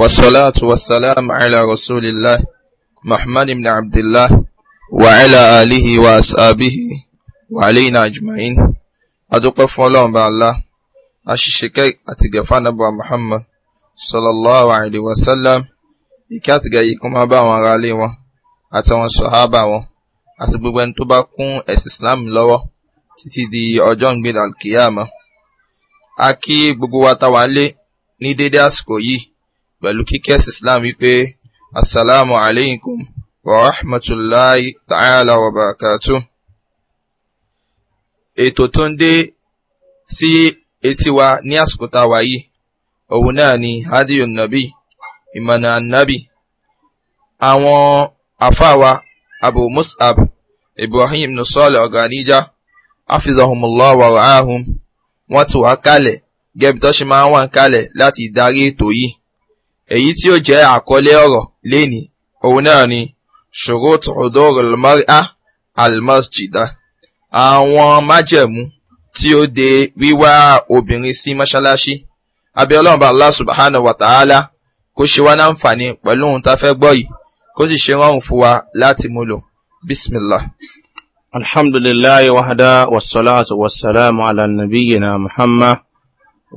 والصلاة والسلام على رسول الله محمد بن عبد الله وعلى آله وأصحابه وعلينا أجمعين أدوك فولون بالله أشيشكي أتقفان أبو محمد صلى الله عليه وسلم ìkíàtìgà yìí kún máa bá àwọn ará ilé wọn àtàwọn sọ̀hábà wọn àti gbogbo ẹni tó bá kún ẹ̀sìn islam lọ́wọ́ títí di ọjọ́ ìgbéra kìíyàmọ́. a kí gbogbo wa táwa lé ní dédé àsìkò yìí pẹ̀lú kíkẹ́ sí islam wípé assalamu alaikum wa rahmatulahi ta'ala wa barakatu. ètò tó ń dé sí etí wa ní àsìkò tá a wà yìí òun náà ni hadiyu nabi ìmọ̀nà nabi àwọn afáwa abu musab ibrahim nusole ọ̀gáníjà afizahumullah wa rahum wọ́n ti wá kalẹ̀ gẹ́bí tó ṣe máa ń wà kalẹ̀ láti darí ètò yìí èyí tí ó jẹ́ àkọlé ọ̀rọ̀ lénìí òun náà ni shurut hudur almar'a almasjida àwọn májẹ̀mú tí ó de wíwá obìnrin sí mọ́ṣáláṣí abẹ́ ọlọ́run bá allah subhanahu wa ta'ala kó ṣe wá láǹfààní pẹ̀lú ohun tá a fẹ́ gbọ́ yìí kó sì ṣe rọrùn fún wa láti mú lò bismillah. alhamdulilayi wahada wasalaatu wasalaamu ala nabiyina muhammad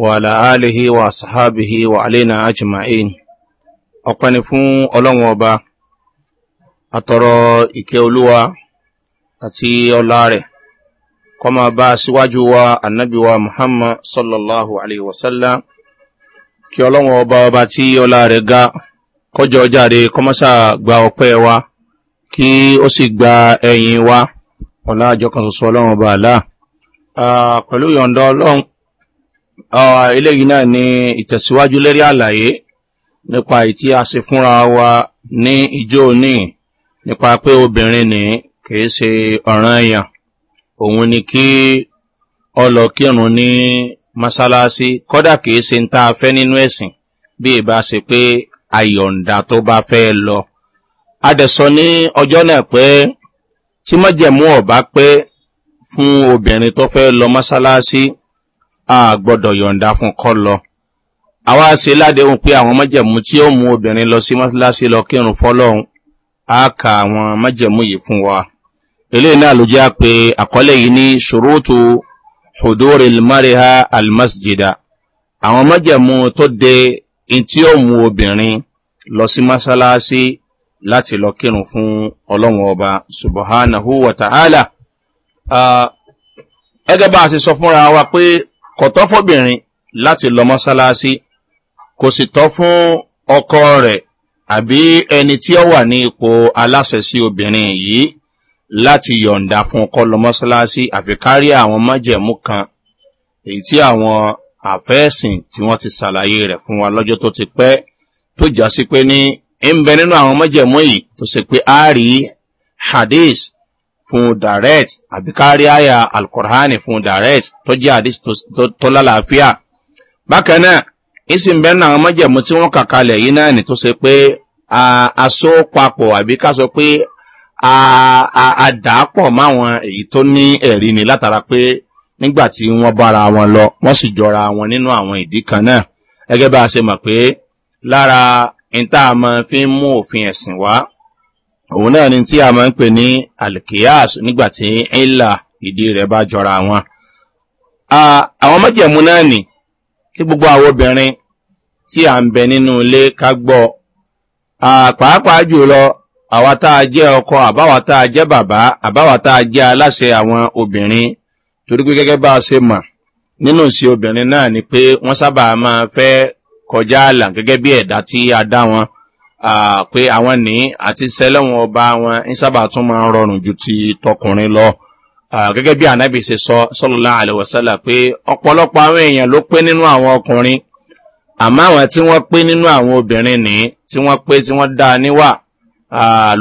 wa ala alihi wa sahabihi wa alina ajma'in. ọ̀pẹ́ ni fún ọlọ́run ọba àtọ̀rọ̀ ìkẹ́ olúwa àti ọlá rẹ̀ kọ́ máa bá síwájú wa annabiwa muhammad sallallahu alaihi wasallam kí ọlọ́run ọba ọba tí ọlá rẹ̀ ga kọjọ jáde kọmọ́sà gba ọpẹ́ wa kí ó sì gba ẹ̀yìn wa ọlá àjọkan sọ̀sọ̀ ọlọ́run ọba àlá pẹ̀lú yọ̀ǹda ọlọ́run eléyìí náà ni ìtẹ̀síwájú lérí àlàyé nípa ìtí a ṣe fúnra wa ní ìjó ní nípa pé obìnrin ní kìí ṣe ọ̀ràn èèyàn òun ni kí ọlọ́kírun ní mọ́sálásí kọ́dà kìí ṣe ń tá a fẹ́ nínú ẹ̀sìn bí ìbá ṣe pé àyọ̀ǹda tó bá fẹ́ lọ. a dẹ̀ sọ ní ọjọ́ náà pé tí mọ́jẹ̀mú ọ̀bá pé fún obìnrin tó fẹ́ lọ mọ́sálásí a gbọ́dọ̀ yọ̀ǹda fún kọ́ lọ àwa ṣe ládéhùn pé àwọn májẹ̀mú tí ó mú obìnrin lọ sí mọ́síláṣí lọ kírun fọ́lọ́hún á ka àwọn májẹ̀mú yìí fún wa eléyìí náà ló jẹ́ pé àkọlé yìí ní ṣòrótò hudori mariha almasjida àwọn májẹ̀mú tó de tí ó mú obìnrin lọ sí mọ́síláṣí láti lọ kírun fún ọlọ́run ọba subahánahu wa ta'ala ẹgẹ́ bá a ṣe sọ fúnra wa pé kọ̀tọ́ fóbìnrin láti lọ mọ́sálásí kò sì tọ́ fún ọkọ rẹ̀ àbí ẹni tí ó wà ní ipò aláṣẹ sí obìnrin yìí láti yọ̀ǹda fún kọlọ mọ́sálásí àfikárí àwọn májẹ̀mú kan èyí tí àwọn àfẹ́ẹ̀sìn tí wọ́n ti ṣàlàyé rẹ̀ fún wa lọ́jọ́ tó ti pẹ́ tó já sí pé ní ń nínú àwọn májẹ̀mú yìí tó ṣe pé a rí hadith fún direct àbíkárí àyà alkùrhánì fún direct tó jẹ́ hadith tó lálàáfíà bákan náà ìsìn bẹ́ẹ̀ náà mọ́jẹ̀mú tí wọ́n kà kalẹ̀ yìí náà ní tó ṣe pé aṣọ papọ̀ àbí ká sọ pé àdàpọ̀ máwọn èyí tó ní ẹ̀rí ni látara pé nígbà tí wọ́n bára wọn lọ wọ́n sì jọra wọn nínú àwọn ìdí kan náà gẹ́gẹ́ bá a ṣe mọ̀ pé lára níta a máa fi ń mú òfin ẹ̀sìn wá òun náà ni tí a máa ń pè ní alkiyas nígbà tí ńlá ìdí rẹ̀ bá jọra wọn. àwọn mọ́jẹ̀mú náà nì kí gbogbo àwọn obìnrin tí à ń bẹ nínú ilé ká gbọ́ pàápàá jùlọ àwa tá a jẹ́ ọkọ àbáwa tá a jẹ́ bàbá àbáwa tá a jẹ́ aláṣẹ àwọn obìnrin torí pé gẹ́gẹ́ bá a ṣe mọ̀ nínú ìṣe obìnrin náà ni pé wọ́n sábà máa fẹ́ kọjá àlà gẹ́gẹ́ bí ẹ̀dá tí a dá wọn pé àwọn ní àti sẹ́lẹ̀wọ̀n ọba wọn ń sábà tún máa rọrùn ju ti tọkùnrin lọ gẹ́gẹ́ bí anabi ṣe sọ sọlọ́lá àlẹ́wọ̀sálà pé ọ̀pọ̀lọpọ̀ àwọn èèyàn ló pé nínú àwọn ọkùnrin àmọ́ àwọn tí wọ́n pé nínú àwọn obìnrin ní tí wọ́n pé tí wọ́n dá níwà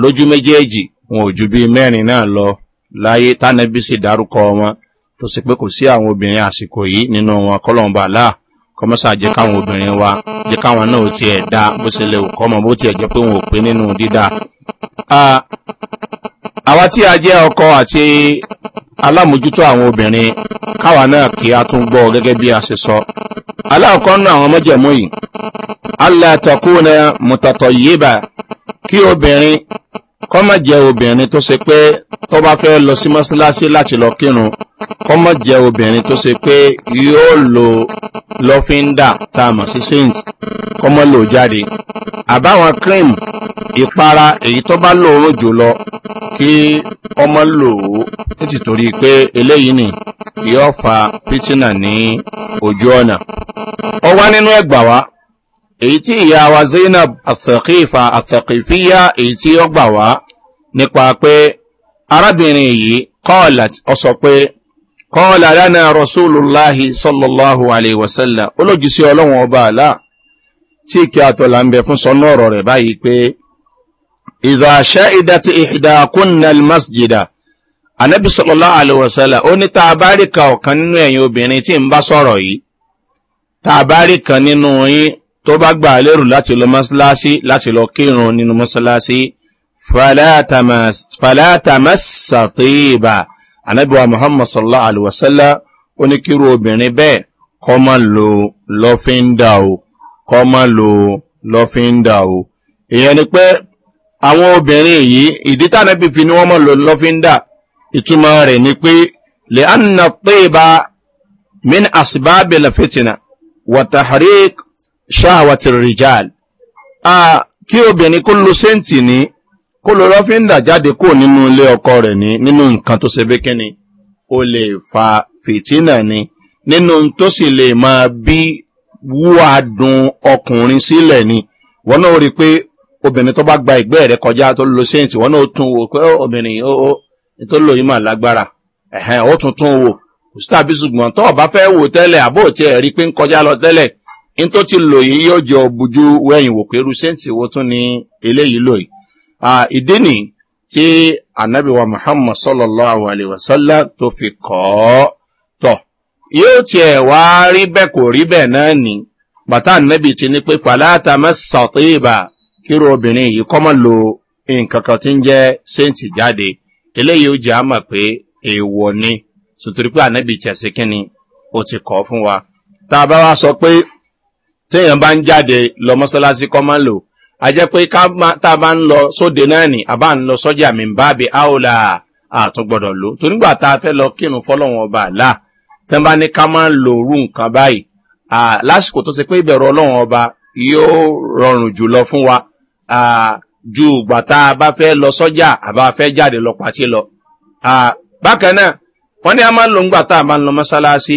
lójú méjèèjì wọn ò ju bíi mẹ́rin náà lọ láyé tánàbí sì dárúkọ wọn tó sì pé kò sí àwọn obìnrin àsìkò yìí nínú wọn kọ́lọ́mbà kọ́mọ́sà jẹ́ káwọn obìnrin wa jẹ́ káwọn náà tiẹ̀ dá bó ṣe lè kọ́mọ bó tiẹ̀ jẹ́ pé wọn ò pé nínú dídá àwa tí a jẹ́ ọkọ àti alámòjútó àwọn obìnrin káwa náà kí a tún gbọ́ gẹ́gẹ́ bí a ṣe sọ aláàkọ́ nínú àwọn mọ́jẹ̀mú yìí alátakùnà mùtàtọ̀ yébà kí obìnrin kọ́mọ̀ jẹ́ obìnrin tó ṣe pé tó bá fẹ́ lọ sí mọ́ṣáláṣí láti lọ kírun kọ́mọ̀ jẹ́ obìnrin tó ṣe pé yóò lo lọ́fíńdà tá a mọ̀ sí saint kọ́mọ̀ lò jáde àbáwọn cream ìpara èyí tó bá lòórùn jùlọ kí ọmọ lò ó títí torí pé eléyìí ni yóò fa fitina ní ojú ọ̀nà. ọwá nínú ẹgbàá wa èyí tí ìyá wa zainab àtàkìfà àtàkìfíyà èyí tí ó gbà wá nípa pé arábìnrin yìí kọ́ọ̀lá ọ sọ pé kọ́ọ̀lá lánà rasulullahi sallallahu alayhi wa sallam olójúsí ọlọ́wọ́n ọba àlá tí kí àtọ̀là ń bẹ fún sọnú ọ̀rọ̀ rẹ̀ báyìí pé ìdá àṣẹ ìdá ti masjida anabi sallallahu alayhi wa sallam ó ní tá a bá rí ka ọ̀kan nínú ẹ̀yin obìnrin tí ń bá sọ̀rọ̀ yìí tá a bá rí kan nínú yín tó bá gbà lérò láti lọ mọ́sálásí láti lọ kírun nínú mọ́sálásí falátamasàtìbà anábíwá muhammad sallallahu alaihi wasallam ó ní kírú obìnrin bẹ́ẹ̀ kọ́ mọ́ lo lọ́fíńdà o kọ́ mọ́ lo lọ́fíńdà o èèyàn ni pé àwọn obìnrin yìí ìdí tánàbí fi ni wọ́n mọ́ lo lọ́fíńdà ìtumọ̀ rẹ̀ ni pé lè anna tìbà min asibábìlà fitina wàtàríkù ṣáàwàtì rìjáàl kí obìnrin kó lo sẹ́ǹtì ní kó lo lọ́fíńdà jáde kúrò nínú ilé ọkọ rẹ̀ ní nínú nǹkan tó ṣe bẹ́kẹ́ ni ó lè fa fìtínà ni nínú tó sì lè máa bí wúwa dun ọkùnrin sílẹ̀ ni wọn náà rí i pé obìnrin tó bá gba ìgbẹ́ rẹ̀ kọjá tó lo sẹ́ǹtì wọn náà tún wò pé obìnrin ó tó lò yìí mà lágbára ó tún tún wò kò sí tàbí ṣùgbọ́n tó ọba fẹ́ wò tẹ́lẹ̀ àbó tiẹ̀ rí i pé ń kọjá lọ tẹ́lẹ̀ in tó ti lò yìí yóò jọ bójú wẹ́yìn wò pé rúṣẹ́ǹtì wo tún ni eléyìí lò yìí ìdí nì tí anabiwa muhammad sallallahu alayhi wa sallam tó fi kọ́ ọ́ tọ̀ yóò tiẹ̀ wá rí bẹ́ẹ̀ kò rí bẹ́ẹ̀ náà ni bàtà anabi ti ní pé falata mẹ́sàtìbà kíru obìnrin yìí kọ́ mọ́ lo nǹkan kan tí ń jẹ́ sẹ́ǹtì jáde eléyìí ó jẹ́ àmọ̀ pé èèwọ̀ ni sùtúrú pé anabi tiẹ̀ sí kínni ó ti kọ́ fún wa tá a bá wá sọ pé téèyàn bá ń jáde lọ mọ́sálásí kọ́ máa ń lò a jẹ́ pé tá a bá ń lọ sóde náà nì a bá ń lọ sọ́jà mi ń bá bi áòlà àtúgbọ̀dọ̀ lò tó nígbà tá a fẹ́ lọ kírun fọlọ́wọn ọba àlà tẹ́ bá ní ká máa ń lo orú nǹkan báyìí lásìkò tó ti pé ìbẹ̀rù ọlọ́wọ́n ọba yóò rọrùn jùlọ fún wa ju ìgbà tá a bá fẹ́ lọ sọ́jà àbá fẹ́ jáde lọ pàtí lọ. bákan náà wọ́n ní a máa ń lo ńgbà tá a máa ń lọ mọ́sálásí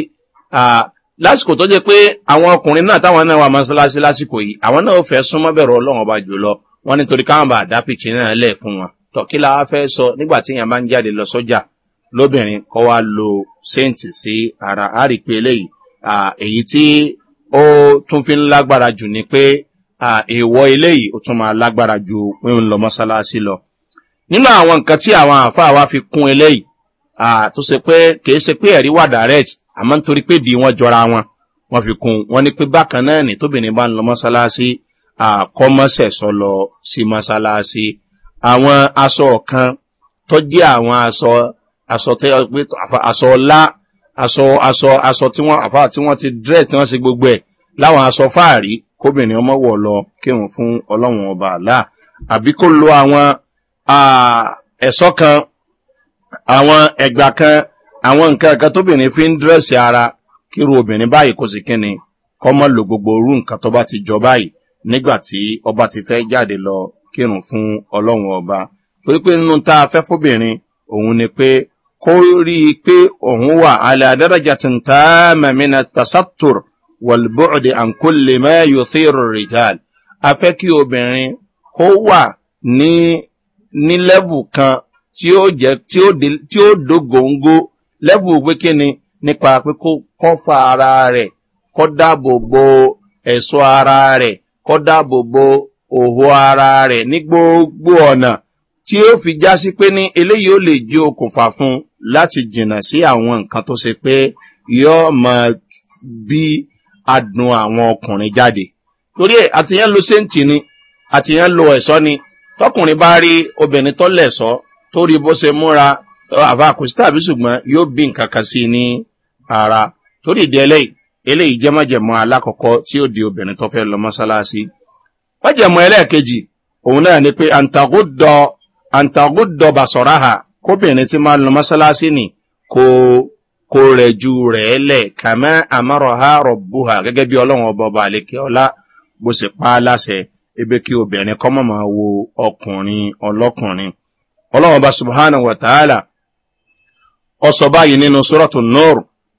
lásìkò tó jẹ pé àwọn ọkùnrin náà táwọn náà wà mọ́ṣáláṣí lásìkò yìí àwọn náà fẹ́ súnmọ́ bẹ̀rù ọlọ́run ọba jùlọ wọn nítorí káwọn bá dá náà lẹ̀ fún wọn tọ́kí la wá fẹ́ sọ nígbà tí èèyàn bá ń jáde lọ sọ́jà lóbìnrin kọ́ wa lo séǹtì sí ara á rí i pé eléyìí èyí tí ó tún fi ń lágbára jù ni pé èèwọ̀ eléyìí ó tún máa lágbára ju pín lọ mọ́ṣáláṣí lọ nínú àmọ́ nítorí pé di wọn jọra wọn wọn fi kún wọn ni pé bákan náà ni tóbìnrin bá ń lọ mọ́sálásí àkọ́mọ́sẹ̀ sọ lọ sí mọ́sálásí àwọn aṣọ kan tọ́jú àwọn aṣọ aṣọ tẹ pé aṣọ ọlá aṣọ aṣọ aṣọ tí wọ́n àfa tí wọ́n ti dírẹ̀ tí wọ́n ṣe gbogbo ẹ̀ láwọn aṣọ fáàrí kóbìnrin ọmọ wọ̀ lọ kírun fún ọlọ́run ọba àlá àbí kó lo àwọn ẹ̀ṣọ́ kan àwọn ẹ̀gbà kan àwọn nǹkan kan tóbìnrin fi ń dírẹ̀sì ara kíru obìnrin báyìí kò sí kíni kọ́ mọ́ lo gbogbo orú nǹkan tó bá ti jọ báyìí nígbà tí ọba ti fẹ́ jáde lọ kírun fún ọlọ́run ọba torí pé nínú tá a fẹ́ fóbìnrin òun ni pé kó rí i pé òun wà alẹ́ adárajà tí ń ta mẹ́mínà tasatur wàlbọ́ọ̀dì àǹkólè mẹ́yọ thírò rìjàl a fẹ́ kí obìnrin kó wà ní ní lẹ́vù kan tí ó dógóńgó lẹ́bù pé kí ni nípa pé kó kọ́fà ara rẹ̀ kọ́ dáàbò bo ẹ̀ṣọ́ ara rẹ̀ kọ́ dáàbò bo òhò ara rẹ̀ ní gbogbo ọ̀nà tí ó fi já sí pé ní eléyìí ó lè jẹ́ okùnfà fún un láti jìnnà sí àwọn nǹkan tó ṣe pé yóò mọ bí adùn àwọn ọkùnrin jáde torí ẹ̀ àtìyàn lo séǹtì ni àtìyàn lo ẹ̀ṣọ́ ni tọkùnrin bá rí obìnrin tó lẹ̀ṣọ́ tó bó ṣe múra àfa kò sí tàbí ṣùgbọ́n yóò bí nǹkan kan sí ní ara torí ìdí eléyìí eléyìí jẹ́ alákọ̀ọ́kọ́ tí ó di obìnrin tó fẹ́ lọ mọ́ṣáláṣí. májẹ̀mọ́ ẹlẹ́ẹ̀kejì òun náà ni pé àǹtàgùdọ̀ bàṣọ́ráhà kóbìnrin tí máa lọ mọ́ṣáláṣí nì kò kò rẹ̀ ju rẹ̀ lẹ̀ kàmẹ́ àmọ́rọ̀há rọ̀bùhà gẹ́gẹ́ bí ọlọ́run ọba ọba àlekè ọlá bó pa á láṣẹ ebe kí obìnrin kọ́mọ̀ máa wo ọkùnrin ọlọ́kùnrin ọlọ́run ọba subhanahu wa ta'ala ọsọ báyìí nínú sọ́rọ̀tù nur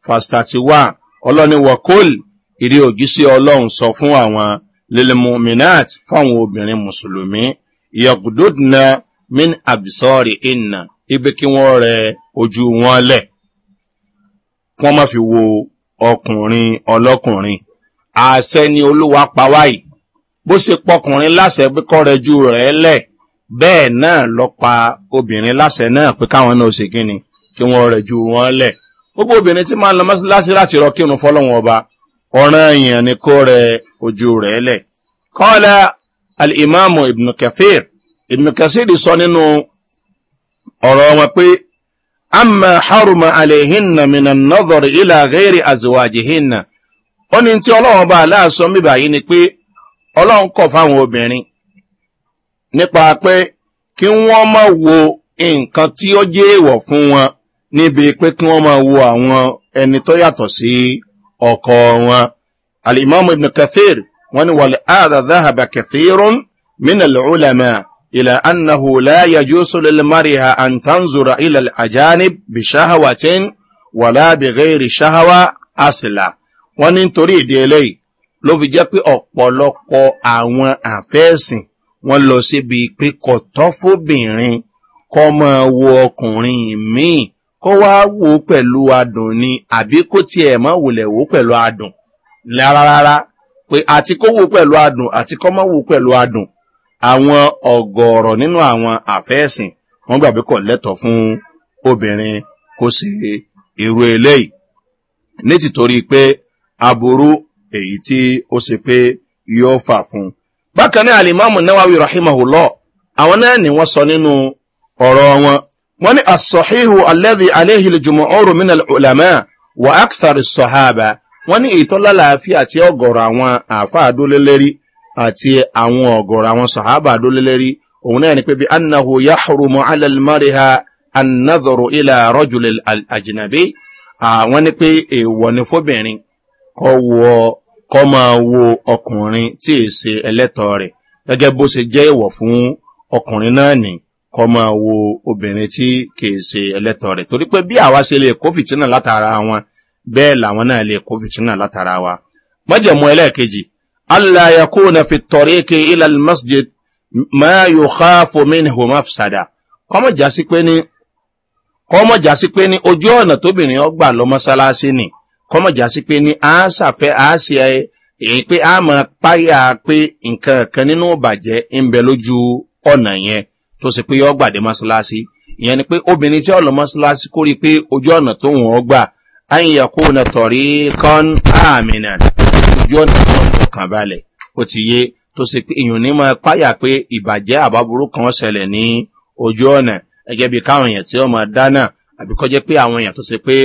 fásitì wà ọlọ́ni wọ́kọ́l ìrí òjíṣẹ́ ọlọ́run sọ fún àwọn lilimuminat fáwọn obìnrin mùsùlùmí yagududna min abisori inna ibi kí wọ́n rẹ ojú wọn lẹ̀ kí wọ́n má fi wo ọkùnrin ọlọ́kùnrin àṣẹ ni olúwa pa wáyìí bó ṣe pọkùnrin láṣẹ pé kọ́rẹ́jú rẹ̀ lẹ̀ bẹ́ẹ̀ náà lọ obìnrin láṣẹ náà pé káwọn náà ṣe kí ni kí wọn rẹ̀ ju wọn lẹ̀ gbogbo obìnrin tí máa ń lọ mọ́sálásí láti rọ kírun fọlọ́wọn ọba ọ̀ràn èèyàn ni kó rẹ ojú rẹ̀ lẹ̀ kọ́lá alìmáàmù ibn kafir ibùn kafir sọ nínú ọ̀rọ̀ wọn pé Ama haruma alehinna azuwajihinna ó ní tí aláàsọ yìí ni pé kọ̀ fáwọn obìnrin nípa pé kí wọ́n wo nǹkan tí ó jẹ́ fún níbi pé kí wọ́n máa wo àwọn ẹni tó yàtọ̀ sí ọkọ̀ wọn. alimami ibn kathir wọn ni wàlẹ̀ àdá dáhàbà kathirun minna lọ́ọ̀lẹ́mà ilẹ̀ anahu láyà jùsùlẹ̀ lẹ́màrìhà àǹtánzùrà ilẹ̀ àjánib bí ṣáhàwàtín wàlá bẹ̀rẹ̀ ṣáhàwà àṣìlá. wọ́n ní nítorí ìdí eléyìí ló fi jẹ́ pé ọ̀pọ̀lọpọ̀ àwọn àfẹ́ẹ̀sìn wọ́n lọ síbi pé kọ̀tọ́ fóbìnrin kọ́ máa wo ọkùnrin míì kó wá wò ó pẹ̀lú adùn ni àbí kó tiẹ̀ mọ́ wòlẹ̀ wò ó pẹ̀lú adùn rárá rárá pé àti kó wò ó pẹ̀lú adùn àti kó mọ́ wò ó pẹ̀lú adùn àwọn ọ̀gọ̀ọ̀rọ̀ nínú àwọn àfẹ́ẹ̀sìn wọ́n gbàgbé kọ̀ lẹ́tọ̀ fún obìnrin kó ṣe irú eléyìí ní tìtorí pé aburú èyí tí ó ṣe pé yóò fà fún bákan náà alimami náwáwí rahimahulọ àwọn náà ni wọ́n sọ nínú ọ̀rọ̀ wọn wọ́n ní asọ̀híhù alẹ́dì aléhìlì jùmọ̀ ọrù mí náà ọ̀làmẹ́ wà áksàrì sọ̀hábà wọ́n ní ìtọ́lálàáfíà àti ọ̀gọ̀rọ̀ àwọn àfa àdólélérí àti àwọn ọ̀gọ̀rọ̀ àwọn sọ̀hábà àdólélérí òun náà ni pé bí annahu yahurumu alalmariha ila rajulil ajinabi àwọn ni pé èèwọ̀ ni fóbìnrin kọ́ wọ kọ́ máa wo ọkùnrin tí èsè ẹlẹ́tọ̀ rẹ̀ gẹ́gẹ́ bó ṣe jẹ́ èèwọ̀ fún ọkùnrin náà kọ́ máa wo obìnrin tí kìí ṣe ẹlẹ́tọ̀ rẹ̀ torí pé bí àwa ṣe lè kó fìtínà látara wọn bẹ́ẹ̀ làwọn náà lè kó fìtínà látara wa. mọ́jẹ̀mú ẹlẹ́ẹ̀kejì alayakuna fi tọ̀ríkì ilẹ̀ masjid máa yóò ká fomin homafsada kọ́mọ̀já sí pé ní kọ́mọ̀já sí pé ní ojú ọ̀nà tóbìnrin ọgbà lọ mọ́sálásí ni kọ́mọ̀já pé ní a ṣàfẹ́ a ṣe èyí pé a máa páyà pé nǹkan kan nínú ìbàjẹ́ ń bẹ lójú ọ̀nà yẹn tó ṣe pé yọ gbàdé mọ́ṣáláṣí ìyẹn ni pé obìnrin tí ọ̀lọ́ mọ́ṣáláṣí kórì pé ojú ọ̀nà tó ń wọ́n gbà àyìn na tọ̀rí kan àmìnà ojú ọ̀nà tó ń kàn balẹ̀ ó ti yé tó ṣe pé èèyàn ní máa páyà pé ìbàjẹ́ àbábúrú kan ṣẹlẹ̀ ní ojú ọ̀nà gẹ́gẹ́ bí káwọn èèyàn tí wọ́n máa dáná àbí kọjá pé àwọn èèyàn tó ṣe pé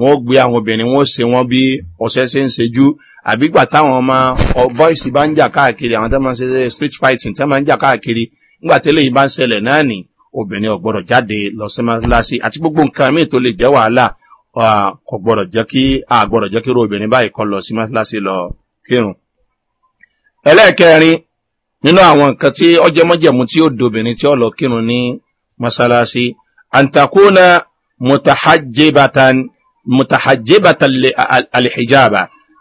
wọ́n gbé àwọn obìnrin wọ́n ṣe wọ́n bí ọ̀sẹ̀ ṣe ń ṣejú àbígbà táwọn ọmọ bọ́ìsì bá ń jà káàkiri àwọn tó máa ṣe street fighting tó máa ń jà káàkiri ńgbà tẹ́lẹ̀ yìí bá ń ṣẹlẹ̀ náà nì obìnrin ọ̀gbọ́dọ̀ jáde lọ sí mọ́ṣáláṣí àti gbogbo nǹkan míì tó lè jẹ́ wàhálà kò gbọ́dọ̀ jẹ́ kí àgbọ̀dọ̀ jẹ́ kí irú obìnrin báyìí kọ́ lọ sí mọ́ṣáláṣí lọ kírun. ẹlẹ́ẹ̀kẹrin nínú àwọn nǹkan tí ọjẹ́mọ́jẹ̀mú tí ó dobìnrin tí ó lọ kírun ní mọ́ṣáláṣí àǹtakùnà mutahajibatan mutahajibatan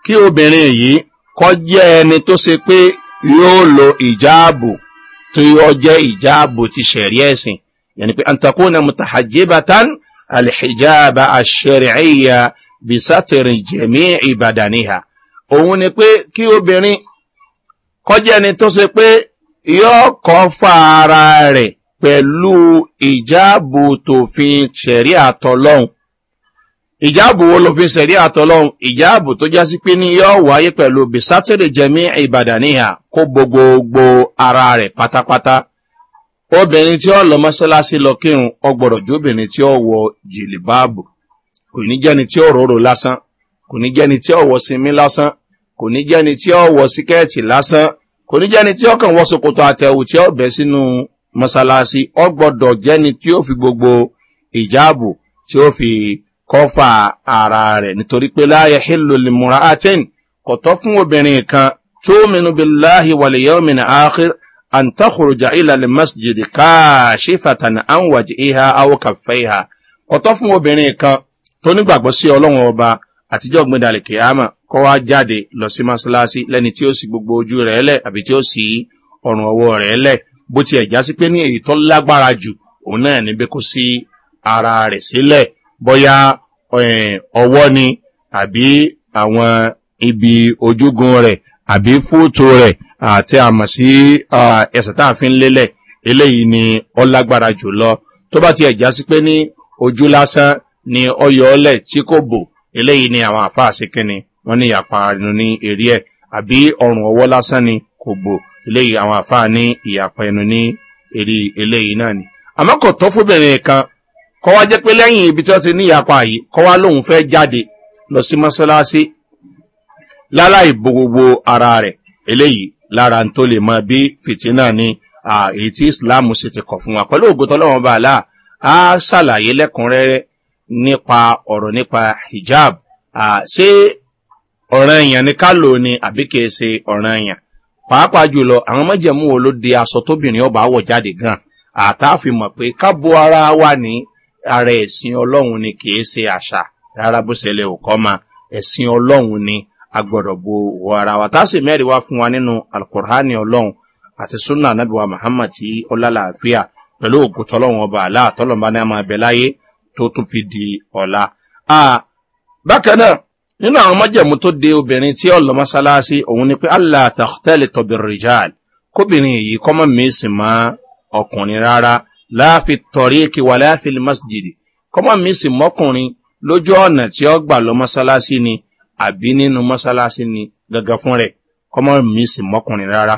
kí obìnrin yìí kọjá ẹni tó ṣe pé yóò lo ìjáàbù tó yọ jẹ́ ìjáàbò ti ṣẹ̀rí ẹ̀sìn yẹni pé antakuna mutahajibatan alhijaba aṣẹ̀rẹ̀ẹ́yà bisatirin jẹ̀mí ìbàdàníhà òun ni pé kí obìnrin kọjá ẹni tó ṣe pé yóò kọ́ fara rẹ̀ pẹ̀lú ìjáàbò tòfin ṣẹ̀rí àtọlọ́hùn ìjáàbò wo ló fi ń sẹ̀rí àtọ́lọ́hún ìjáàbò tó já sí pé ní yóò wáyé pẹ̀lú bisátìrì jẹ̀mí ìbàdàn níhà kó gbogbogbò ara rẹ̀ pátápátá obìnrin tí ó lọ mọ́ṣáláṣí lọ kírun ọgbọ̀rọ̀ jóbìnrin tí ó wọ jìlìbáàbò kò ní jẹ́ni tí ó rorò lásán kò ní jẹ́ni tí ó wọ sinmi lásán kò ní jẹ́ni tí ó wọ síkẹ́ẹ̀tì lásán kò ní jẹ́ni tí ó kàn wọ sokoto àtẹ̀wù tí ó bẹ̀ sínú mọ́ṣáláṣí ọgbọ̀dọ̀ jẹ́ni tí ó fi gbogbo ìjáàbò tí ó fi kọ́fà ara rẹ̀ nítorí pé láàyè hìlò lè múra àtẹ́n kò tọ́ fún obìnrin kan tó mìnú bí láàyè wàlẹ̀ yẹ́ òmìnira àkìr àǹtàkùrùjà ilà lè masjid káàṣì fàtànà àwàjì ìhà àwòkàfẹ́ ìhà kò tọ́ fún obìnrin kan tó nígbàgbọ́ sí ọlọ́run ọba àtijọ́ gbẹ̀dàlẹ̀ kìámà kọ́ wá jáde lọ sí masalasi lẹ́ni tí ó sì gbogbo ojú rẹ̀ lẹ̀ àbí tí ó sì ọ̀rùn ọwọ́ rẹ̀ lẹ̀ bó tiẹ̀ já sí pé ní èyí tó lágbára jù òun náà níbi kó sí ara rẹ̀ sílẹ̀ si bóyá eh, ọwọ́ ni àbí àwọn ibi ojúgun rẹ̀ àbí fóòtò rẹ̀ àti àmọ̀ sí ẹsẹ̀ tá a fi ń lélẹ̀ eléyìí ni ọ lágbára jù lọ tó bá ti ẹ̀já sí pé ní ojú lásán ni ọyọ ọlẹ̀ tí kò bò eléyìí ni àwọn àfáà sí kínni wọ́n ní ìyapa ẹnu ní eré ẹ̀ àbí ọrùn ọwọ́ lásán ni kò bò eléyìí àwọn àfáà ní ìyapa ẹnu ní eré eléyìí náà ni àmọ́ kò tọ́ fóbìnrin kan kọ́ wá jẹ́ pé lẹ́yìn ibi tí wọ́n ti ní ìyapa yìí kọ́ wá lóun fẹ́ jáde lọ sí mọ́sálásí láláì bo gbogbo ara rẹ̀ eléyìí lára tó lè mọ bí fìtínà ni èyí tí ìsìláàmù sì ti kọ̀ fún wa pẹ̀lú ògùn tọ́lọ́wọ́n bá àlá á ṣàlàyé lẹ́kùnrẹ́rẹ́ nípa ọ̀rọ̀ nípa hijab ṣé ọ̀ràn èèyàn ni ká lò ní àbí kìí ṣe ọ̀ràn èèyàn pàápàá jùlọ àwọn mọ̀jẹ̀mú wo ló de aṣọ tóbìnrin ọba wọ̀ jáde gan àtàfimọ̀ pé ká bo ara wa ní ara ẹ̀sìn ọlọ́run ni kìí ṣe àṣà rárá bó ṣẹlẹ̀ òkọ́ ma ẹ̀sìn ọlọ́run ni a gbọ́dọ̀ bo òwò ara wa tá sì mẹ́rin wá fún wa nínú alukur'ani ọlọ́run àti sunna anabi wa muhammad tí ọlálàáfíà pẹ̀lú ògùn tọ́lọ́run ọba àlá àtọ́lọ́mba ní a máa bẹ láyé tó tún fi di ọ̀la. bákan náà nínú àwọn májẹ̀mú tó de obìnrin tí ọ̀lọ́ mọ́sálásí òun ni pé allah tàkítẹ́lì tọ̀bìrìjáàlì kóbìnrin yìí kọ́mọ̀ mí sì máa ọkùnrin rárá láàfi tọ̀ríkì wà láàfi masjidi kọ́mọ̀ mi sì mọ́kùnrin lójú ọ̀nà tí ó gbà lọ mọ́sálásí ni àbí nínú mọ́sálásí ni gangan fún rẹ̀ kọ́mọ̀ mi sì mọ́kùnrin rárá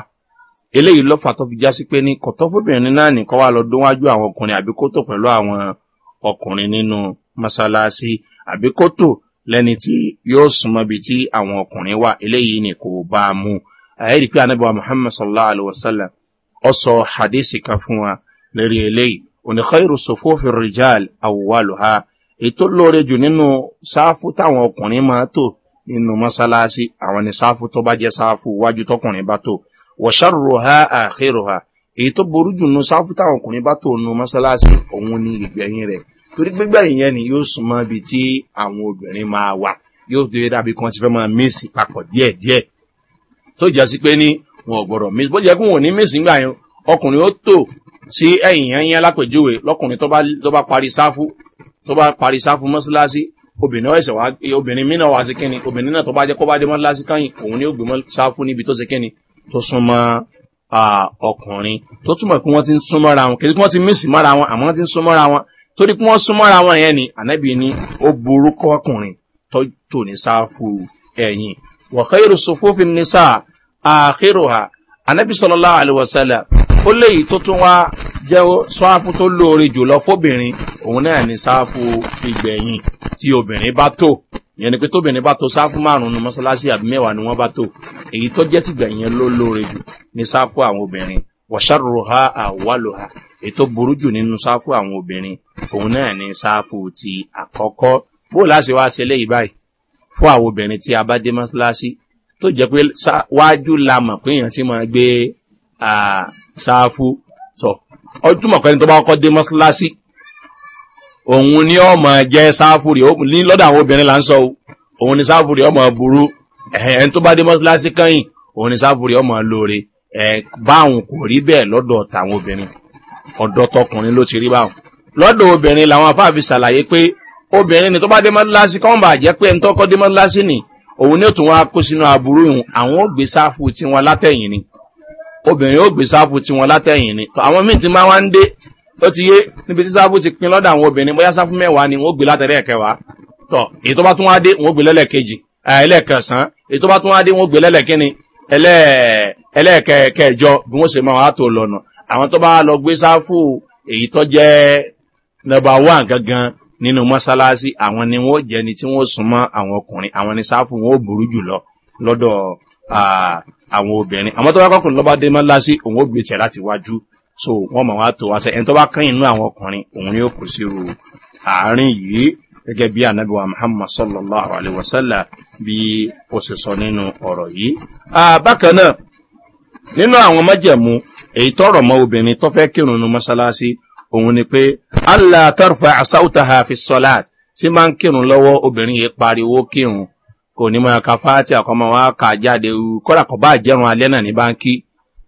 eléyìí ló fà tó fi jásí pé ní kọ̀tọ́ fóbìnrin náà nìkan wà lọ dúnwájú àwọn ọkùnrin àbí kótó pẹ̀lú àwọn ọkùnrin nínú mọ́sálásí àbí kótó lẹ́ni tí yóò súnmọ́ bi tí àwọn ọkùnrin wà eléyìí ni kò bá a mú àyẹ̀rí pé anábọ̀ muhammed sallallahu alayhi wa sallam ọ lérí eléyìí òní khairu sofofi rijal awwaluha ètò lóore jù nínú sáfù táwọn ọkùnrin máa tò nínú mọ́sálásí àwọn ní sáfù tó bá jẹ́ sáfù wájú tọkùnrin bá tò wọ̀ṣàrò ha àkérò ha èyí tó ború jù nínú sáfù táwọn ọkùnrin bá tò nínú mọ́sálásí òun ní ìgbẹ̀yìn rẹ̀ torí gbígbà ìyẹn ni yóò súnmọ́ ibi tí àwọn obìnrin máa wà yóò tó yẹ dàbí kan ti fẹ́ máa mísì papọ̀ díẹ̀díẹ̀ tó jásí pé ní wọn gbọ́dọ̀ mísì bó jẹ́ kí wọn ò ní mísì gbà yẹn ọkùnrin ó tò sí ẹ̀yìn yẹn yẹn lápèjúwe lọ́kùnrin tó bá parí sáfù tó bá parí sáfù mọ́síláṣí obìnrin ọ̀ẹ́sẹ̀ wá obìnrin mí náà wá sí kínni obìnrin náà tó bá jẹ́ kó bá dé mọ́síláṣí káyìn òun ni ó gbé sáfù níbi tó ṣe kínni tó súnmọ́ ọkùnrin tó túmọ̀ pé wọ́n ti ń súnmọ́ra wọn kìí pé wọ́n ti mí sí mọ́ra wọn àmọ́ wọ́n ti ń súnmọ́ra wọn torí pé wọ́n súnmọ́ra wọn yẹn ni ànábì ni ó burú kọ́kùnrin tó tò ní sáfù ẹ̀yìn wọ̀kẹ́rù sọfófin ní sáà àkérò ha ànábì sọlọ́lá àlùwọ̀sálà ó léyìí tó tún wá jẹ́ sáfù tó lóore jùlọ fóbìnrin òun náà ní sáfù ìgbẹ̀yìn tí obìnrin bá tò ìyẹn ni pé tóbìnrin bá tó sáfù márùn-ún mọ́ṣáláṣí àbí mẹ́wàá ni wọ́n bá tò èyí tó jẹ́ tìgbẹ̀yìn ló lóore jù ní sáfù àwọn obìnrin wàṣàrùhà àwàlùhà èyí tó burú jù nínú sáfù àwọn obìnrin òun náà ní sáfù ti àkọ́kọ́ bó láṣẹ wá ṣe léyìí báyìí fún àwọn obìnrin tí a bá dé mọ́ṣáláṣí tó jẹ́ pé wájú la mọ̀ pé èèyàn ti máa gbé ṣáfù tọ̀ ọdún túmọ̀ pẹ́ni tó bá kọ́ dé mọ́ṣáláṣí òun ni ọmọ jẹ́ ṣáfù rẹ̀ ní lọ́dọ̀ àwọn obìnrin là ń sọ òun ni ṣáfù rẹ̀ ọmọ burú ẹ̀ẹ́n tó bá dé mọ́ṣáláṣí kẹ́yìn òun ni ṣáfù rẹ̀ ọmọ lóore ẹ̀ báwọn kò rí bẹ́ẹ̀ lọ́dọ̀ tàwọn obìnrin ọ̀dọ́ tọkùnrin ló ti rí báwọn lọ́dọ̀ obìnrin làwọn afáàfin ṣàlàyé pé obìnrin ni tó bá dé mọ́ṣáláṣí kọ́ńbà jẹ́ pé ẹni tó kọ́ òun ni ó tún wá kó sínú aburú yìí àwọn ògbé sáfù tiwọn látẹ̀yìn ni obìnrin ó gbé sáfù tí wọn látẹ̀yìn ni àwọn míì ti máa wá ń dé ó ti yé níbi tí sáfù ti pin lọ́dọ̀ àwọn obìnrin bóyá sáfù mẹ́wàá ni wọ́n gbé látẹ̀rẹ́ ẹ̀kẹwàá tọ̀ èyí tó bá tún wá dé wọ́n gbé lẹ́lẹ́kejì ẹlẹ́ẹ̀kẹsàn èyí tó bá tún wá dé wọ́n gbé lẹ́lẹ́kíni ẹlẹ́ẹ̀kẹjọ bí wọ́n ṣe máa wá tó lọ́nà àwọn tó bá lọ gbé sáfù èyí tó jẹ́ nọmba one gangan nínú mọ́sálásí àwọn ni wọ́n jẹ́ ni tí wọ́n súnmọ́ àwọn ọkùnrin àwọn ni sáfù wọn ò burú àwọn obìnrin àmọ́ tó bá kọ́kùnrin lọ́ba dé máa lásì òun ó gbé láti wájú so wọ́n mọ̀ wá tó wá sẹ́ ẹni tó bá kẹ́yìn inú àwọn ọkùnrin òun ni ó kù sí ru àárín yìí gẹ́gẹ́ bí anabi wa muhammad sallallahu alayhi wa sallam bí ó sì sọ nínú ọ̀rọ̀ yìí. bákan náà nínú àwọn májẹ̀mú èyí tọrọ mọ obìnrin tó fẹ́ kírun nu mọ́ṣáláṣí òun ni pé allah tarfa asawtaha fi sọláàt tí máa ń kírun lọ́wọ́ obìnrin yìí pariwo kírun kò ní máa ka fáátì àkọ́mọ wa kà jáde kọ́dà kọ́ bá jẹun alẹ́ náà ní báńkì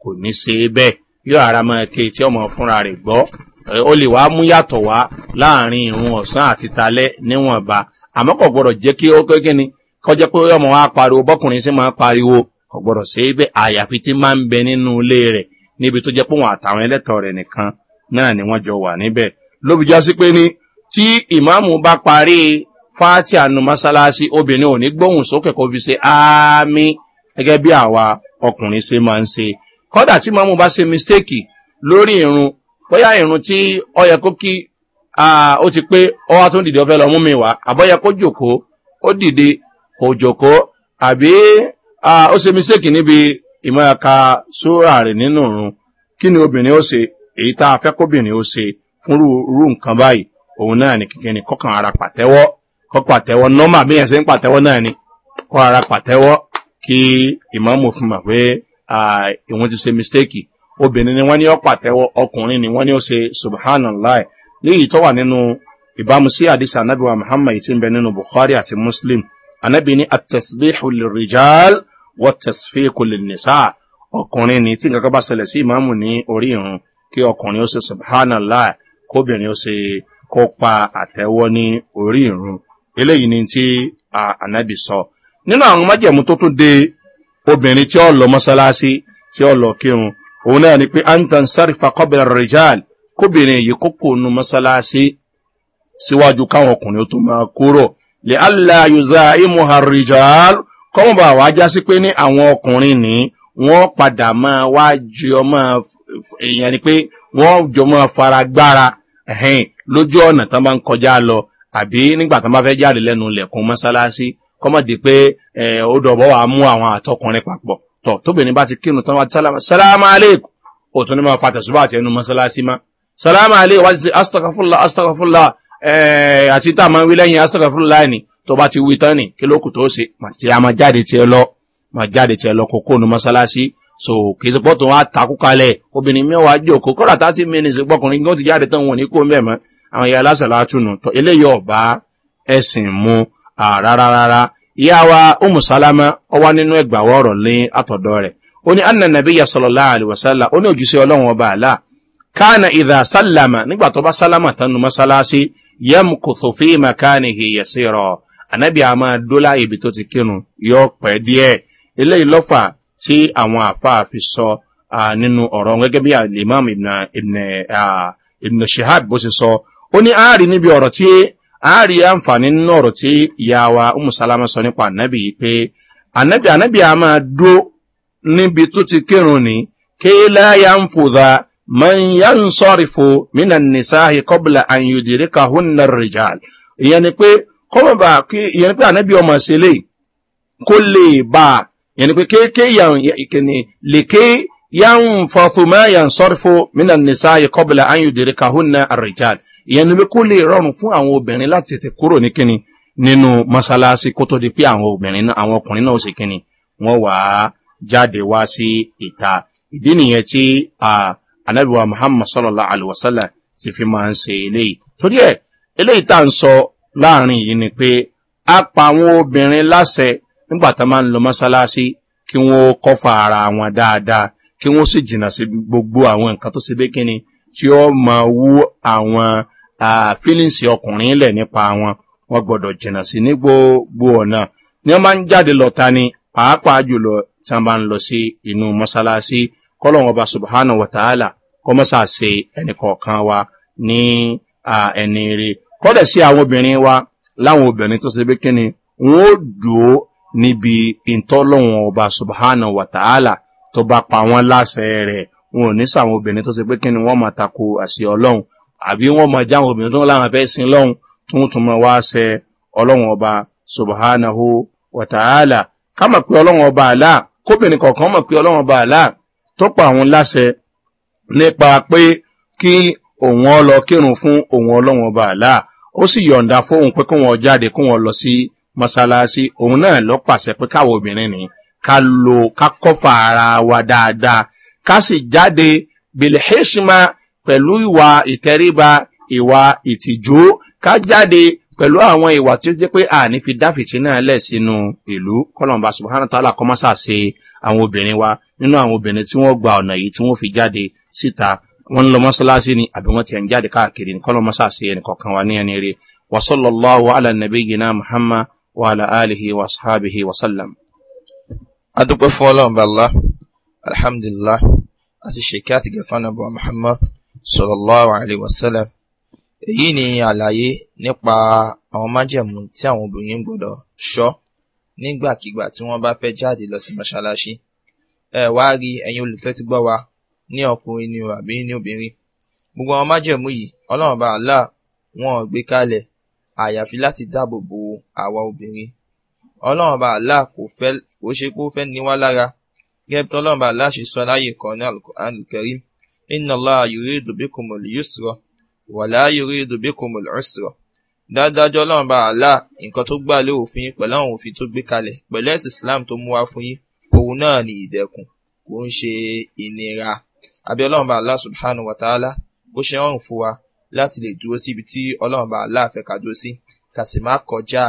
kò ní ṣe é bẹ́ẹ̀ yóò ara máa ke tí ọmọ fúnra rẹ̀ gbọ́ ó lè wá mú yàtọ̀ wá láàrin ìrun ọ̀sán àti talẹ́ níwọ̀nba àmọ́ kò gbọ́dọ̀ jẹ́ kí ó kéke ni kọjá pé ọmọ wa pariwo bọ́kùnrin sí máa pariwo kò gbọ́dọ̀ ṣe é bẹ́ẹ̀ àyàfi tí máa ń bẹ nínú ilé rẹ̀ níbi tó jẹ́ pé wọn àtàwọn ẹlẹ́tọ̀ rẹ̀ nìkan náà ni wọ́n jọ wà níbẹ̀ lóbi jásí pé ní tí ìmáàmù bá parí fáàtì àánú mọ́ṣáláṣí obìnrin ò ní gbóhùn sókè kó fi ṣe áámi gẹ́gẹ́ bí àwa ọkùnrin ṣe máa ń ṣe kọ́dà tí mọ́mú bá ṣe mistake lórí irun bóyá irun tí ọ yẹ kó kí ó ti pé ọ wá tó ń dìde ọ fẹ́ lọ mú mi wá àbọ̀yẹ kó jòkóó ó dìde kò jòkóó àbí ó ṣe mistake níbi ìmọ̀ọ́ka sóra rẹ̀ nínú irun kí ni obìnrin ó ṣe èyí tá a fẹ́ kóbìnrin ó ṣe fúnrú nǹkan báyìí òun náà ní kíkẹ́ ní kọ́kàn ara pàtẹ́wọ́ kọ́ pàtẹ́wọ́ nọ́mà bí yẹn ṣe ń pàtẹ́wọ́ náà ni kọ́ ara pàtẹ́wọ́ kí ìmọ̀ọ́mù fún mà pé ìwọ̀n ti ṣe mistake obìnrin ni wọ́n ní ọ́ pàtẹ́wọ́ ọkùnrin ni wọ́n ní ó ṣe subhanallah léyìí tó wà nínú ìbámu sí àdìsá anábìwá muhammad ti ń bẹ nínú bukhari àti muslim anábì ní atasbihu lirijal wa tasfiku linisa ọkùnrin ni tí nǹkan bá ṣẹlẹ̀ sí ìmọ̀ọ́mù ní orí irun kí ọkùnrin ó ṣe subhanallah kóbìnrin ó ṣe kópa àtẹ́wọ́ ní orí irun eléyìí ni ti ànábì sọ nínú àwọn májẹ̀mú tó tún de obìnrin tí ó lọ mọ́sálásí tí ó lọ kírun òun náà ni pé anton sarifa kọbìnrin rejal kóbìnrin yìí kókò nu mọ́sálásí síwájú káwọn ọkùnrin tó máa kúrò lè aláyùzá imuha rejal kọ́mọ̀bà wàá já pé ní àwọn ọkùnrin ní wọ́n padà máa wá jọ máa èèyàn ni pé wọ́n jọ máa fara gbára lójú ọ̀nà tán bá ń kọjá lọ àbí nígbà tó bá fẹ́ jáde lẹ́nu ilẹ̀kùn mọ́sálásí kọ́mọ̀dé pé ó dọ̀bọ̀ wàá mú àwọn àtọkùnrin papọ̀ tọ̀ tóbìnrin bá ti kírun tán wá ti sálámà sálámà aleikum ó tún ní máa fa tẹ̀síwá àti ẹnu mọ́sálásí má sálámà aleikum wá ti astagafúnla astagafúnla àti tá a máa wí lẹ́yìn astagafúnla ni tó bá ti wí tán ni kí ló kù tó ṣe màtí a máa jáde tiẹ lọ máa jáde tiẹ lọ kókó nu mọ́sálásí so kì í ti pọ́tù wọn á takú kalẹ̀ obìnrin mẹ́wàá jòkó kọ́ra tá a ti mẹ́ni sí pọkùnrin àwọn ìyá alásàlátùnù tọ eléyìí ọba ẹsìn mu rárá rárá ìyá wa umu salama ọwá nínú ẹgbàwọ ọrọ ní àtọdọ rẹ ó ní anna nàbí yasọlọlá àlùwàsálà ó ní òjúṣe ọlọrun ọba àlá kánà ìdá sálàmà nígbà tó bá sálàmà tánu mọsálásí yẹm kòtò fíìmà kánì hìyẹsí rọ ànábì àmà dólà ibi tó ti kírun yọ pẹ díẹ eléyìí lọfà tí àwọn àfáà sọ nínú ọ̀rọ̀ gẹ́gẹ́ bí alimami ibn shahab bó ṣe sọ ó ní ààrí níbi ọ̀rọ̀ tí ààrí àǹfààní nínú ọ̀rọ̀ tí ìyá wa umu salama sọ nípa ànábì yìí pé ànábì ànábì a máa dúró níbi tó ti kírun ni ké láyà ń fòdà máa ń yá ń sọ́rìfò mínà nìsáhì kọ́bùlà àyùdìrí kahunna rìjàl ìyẹn ni pé kọ́mọ̀bà ìyẹn ni pé ànábì ọmọ ṣe kó lè bá ìyẹn ni pé kéèké yàn ìkíni lè yàn fọ́fù máa yàn sọ́rìfò mínà nìsáhì kọ́bùlà àyùdìrí kahunna rìjàl ìyẹn ni pé kó lè rọrùn fún àwọn obìnrin láti tètè kúrò ní kíni nínú mọ́ṣáláṣí kó tó di pé àwọn obìnrin náà àwọn ọkùnrin náà ó sì kíni wọ́n wà á jáde wá sí ìta ìdí nìyẹn tí anabiwa muhammad sallallahu alaihi wasallam ti fi máa ń ṣe eléyìí torí ẹ eléyìí tá à ń sọ láàrin yìí ni pé a pa àwọn obìnrin láṣẹ nígbà tá a máa ń lọ mọ́ṣáláṣí kí wọ́n kọ́fà ara wọn dáadáa kí wọ́n sì jìnnà sí gbogbo àwọn nǹkan tó ṣe bẹ́ẹ̀ kíni tí ó máa wú àwọn fílíǹsì ọkùnrin lẹ̀ nípa wọn wọn gbọ́dọ̀ jìnnà sí ní gbogbo ọ̀nà ní wọn máa ń jáde lọ́ta ni pàápàá jùlọ tí wọn bá ń lọ sí inú mọ́ṣáláṣí kọ́lọ́wọ́n ọba subahana wàtàhálà kọ́mọ́sà ṣe ẹnìkọ̀ọ̀kan wa ní ẹni rí kọ́dẹ̀ sí àwọn obìnrin wa láwọn obìnrin tó ṣe bí kíni wọn ó dùn ó níbi ìtọ́lọ́wọ́n ọba subahana wàtàhálà tó bá pa wọ́n láṣẹ rẹ̀ wọn ò ní sàwọn obìnrin tó ṣe pé kí ni wọ́n máa tako àṣẹ ọlọ́run àbí wọ́n máa jáwọn obìnrin tó láwọn fẹ́ sin lọ́hun tó ń túnmọ̀ wá ṣe ọlọ́run ọba subhanahu wataala ká mọ̀ pé ọlọ́run ọba àlá kóbìnrin kọ̀ọ̀kan mọ̀ pé ọlọ́run ọba àlá tó pa àwọn láṣẹ nípa pé kí òun ọ lọ kírun fún òun ọlọ́run ọba àlá ó sì yọ̀ǹda fóun pé kóun ọ jáde kóun ọ lọ sí mọ́ṣáláṣí òun náà lọ pàṣẹ pé káwọn obìnrin ni ká lo ká kọ́fà ara wa dáadáa ká sì jáde bilhishma pẹ̀lú ìwà ìtẹríba ìwà ìtìjú ká jáde pẹ̀lú àwọn ìwà tí ó jẹ́ pé àní fi dáfìtì náà lẹ̀ sínú ìlú kọlọ̀mbà subhanahu ta'ala kọ́mọ́sà ṣe àwọn obìnrin wa nínú àwọn obìnrin tí wọ́n gba ọ̀nà yìí tí wọ́n fi jáde síta wọ́n lọ mọ́ṣáláṣí ni àbí wọ́n ti ẹ̀ ń jáde káàkiri ní kọlọ̀mọ́sà ṣe ẹnì wa ní ẹni rí wasallallahu ala nabi yina muhammad wa ala alihi wa sahabihi wa sallam. adúpẹ́ fún ọlọ́run bàlá alhamdulilah àti ṣèkí àtìgẹ́fà náà bọ̀ muhammad sọ̀rọ̀lọ́wọ́ àlè wọ̀sẹ́lẹ̀ èyí ni àlàyé nípa àwọn májẹ̀mú tí àwọn obìnrin gbọ́dọ̀ ṣọ́ nígbàkigbà tí wọ́n bá fẹ́ jáde lọ sí mọ́ṣáláṣí ẹ wá rí ẹ̀yin olùtẹ́tí gbọ́ wa ní ọkùnrin ni o àbí ní obìnrin gbogbo àwọn májẹ̀mú yìí ọlọ́run bá àlá wọn gbé kalẹ̀ àyàfi láti dáàbò bo àwa obìnrin ọlọ́run bá àlá kò fẹ́ kò ṣe kó fẹ́ ní lára gẹ́gẹ́ bí bá àlá ṣe sọ láyè kan ní alukẹ́rìm inna Allaha yuridu bikumul yusra wala yuridu bikumul usra dáadájọ́ ọlọ́run bá àlá nǹkan tó gbà lérò fún yín pẹ̀lú àwọn òfin tó gbé kalẹ̀ pẹ̀lú ẹ̀sìn Islam tó mú wá fún yín òun náà ni ìdẹ̀kùn kò ń ṣe ìnira àbí ọlọ́run bá àlá subhanahu wa ta'ala ó ṣe ọ̀rùn fún wa láti lè dúró síbi tí ọlọ́run bá àlá fẹ́ ká sí ká má kọjá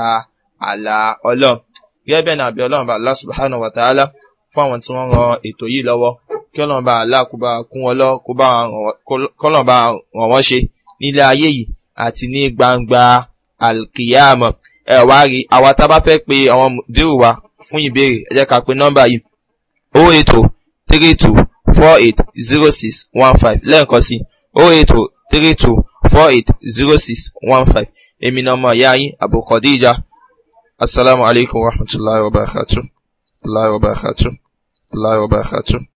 àlà ọlọ́run gẹ́gẹ́ bẹ́ẹ̀ ni àbí ọlọ́run bá àlá subhanahu wa ta'ala fún àwọn tí wọ́n ran ètò yìí lọ́wọ́ kí ọlọ́run bá aláàkóbá kún wọn lọ kọ́lọ́run bá ràn wọ́n ṣe nílé ayé yìí àti ní gbangba alkiyama ẹ wá rí àwa tá a bá fẹ́ pe àwọn dèrò wa fún ìbéèrè ẹ jẹ́ ká pe nọ́mbà yìí o oh eight o oh three two four eight zero six one five lẹ́ẹ̀kan sí o oh eight o three two four eight zero six one five èmi náà mọ̀ ìyá yín àbùkọ́dé ìjà asalaamualeykum wa rahmatulahi wa barakatu. Allah wa barakatu. wa barakatu.